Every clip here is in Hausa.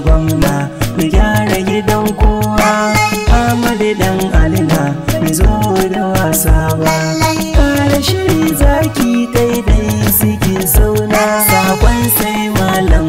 gwamna mu gyara gidan kowa amadu dan alina mu zo da wasa ba kare shiri zaki daidai suke sauna sakon sai malam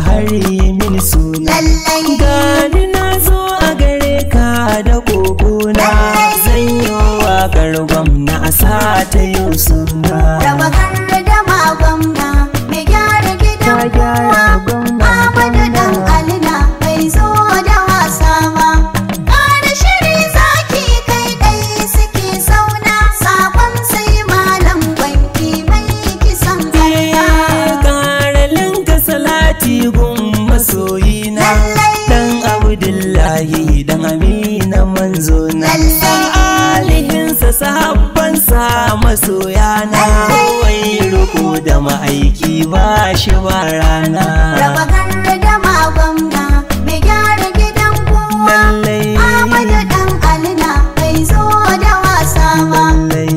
har yi mini suna gani na zo a gare ka da kokona zan yi wakar a sa ta yi suna ma'aiki ba shi ba rana raba ganna da magwamna mai gyara gidan kowa amada dan alina bai zo da wasa ba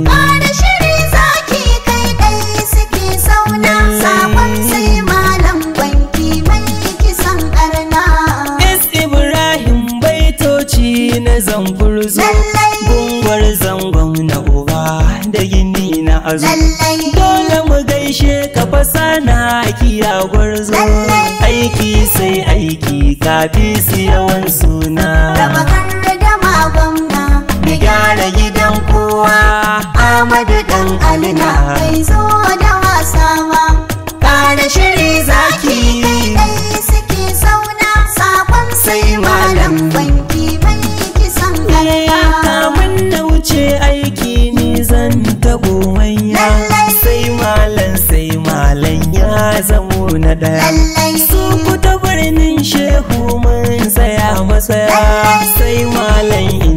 bada shiri zaki kai dai suke sauna sabon sai malam banki mai kisan karna is ibrahim baitoci na zamburzo gungwar zangon na uba da gini na Lallai! she ka fasa na a gwarzo aiki sai aiki kafi yawan suna raba da gyara gidan kowa amadu dan alina bai zo da wasa na daya su kuta birnin shehu mun tsaya masaya, sai malam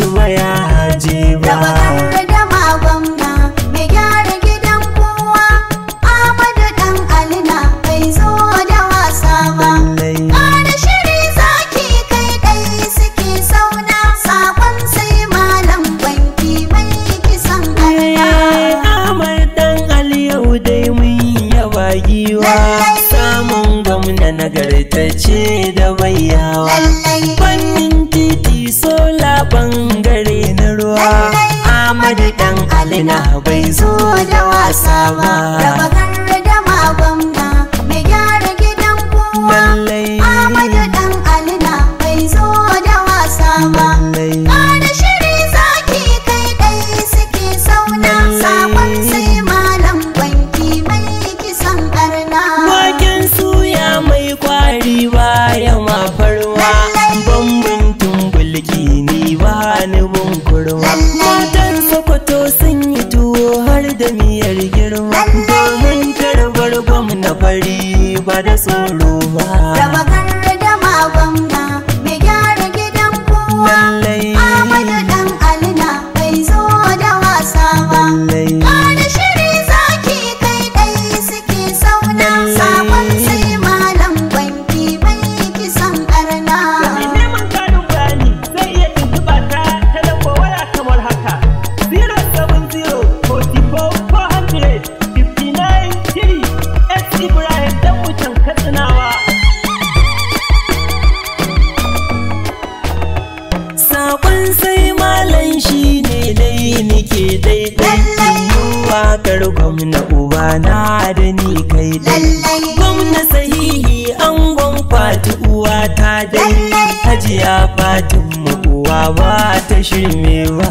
mutuwa ya haji ba da dama gwamna mai gyara gidan kowa amadu dan alina bai zo da wasa ba ƙara shiri zaki kai ɗai suke sauna sakon sai malam banki mai kisan ƙarya eh, amadu dan aliyau dai mun yaba giwa samun gwamna nagartace da Rama. ba da tsoro amfana da ni kai dai gwamna sahihi an gwamfati uwa ta dai hajiya fatin uwa ba ta shirmewa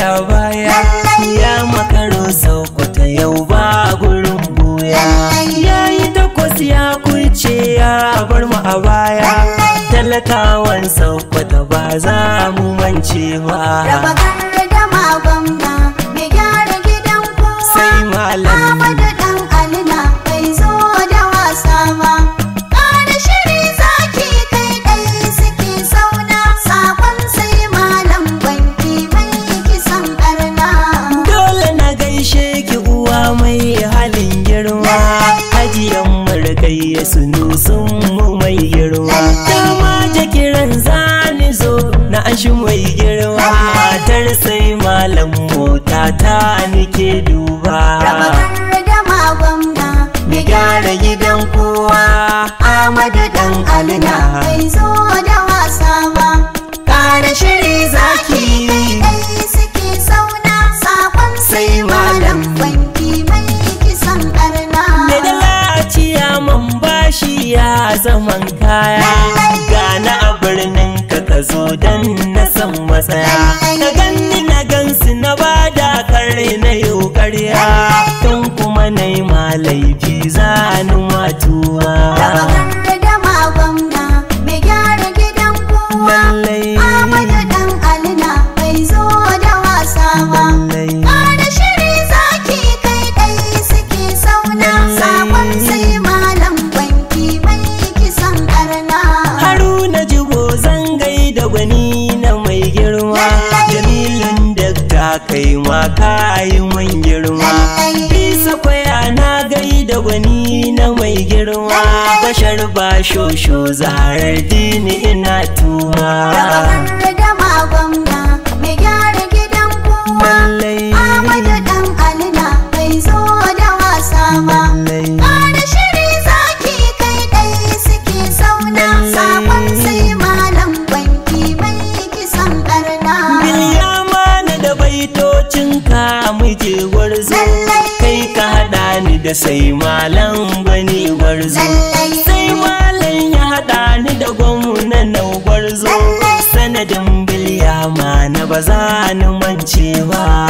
talakawan saukwa ba za mu mance ba. al'arshi mai girma matar sai malam mota ta nike duba kai ma ka yi man girma bisa kwaya na gai da gwani na mai girma bashar ba shosho zahar dini ina tuma. da zo sanadin ma na ba za a mance ba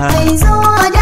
ai zo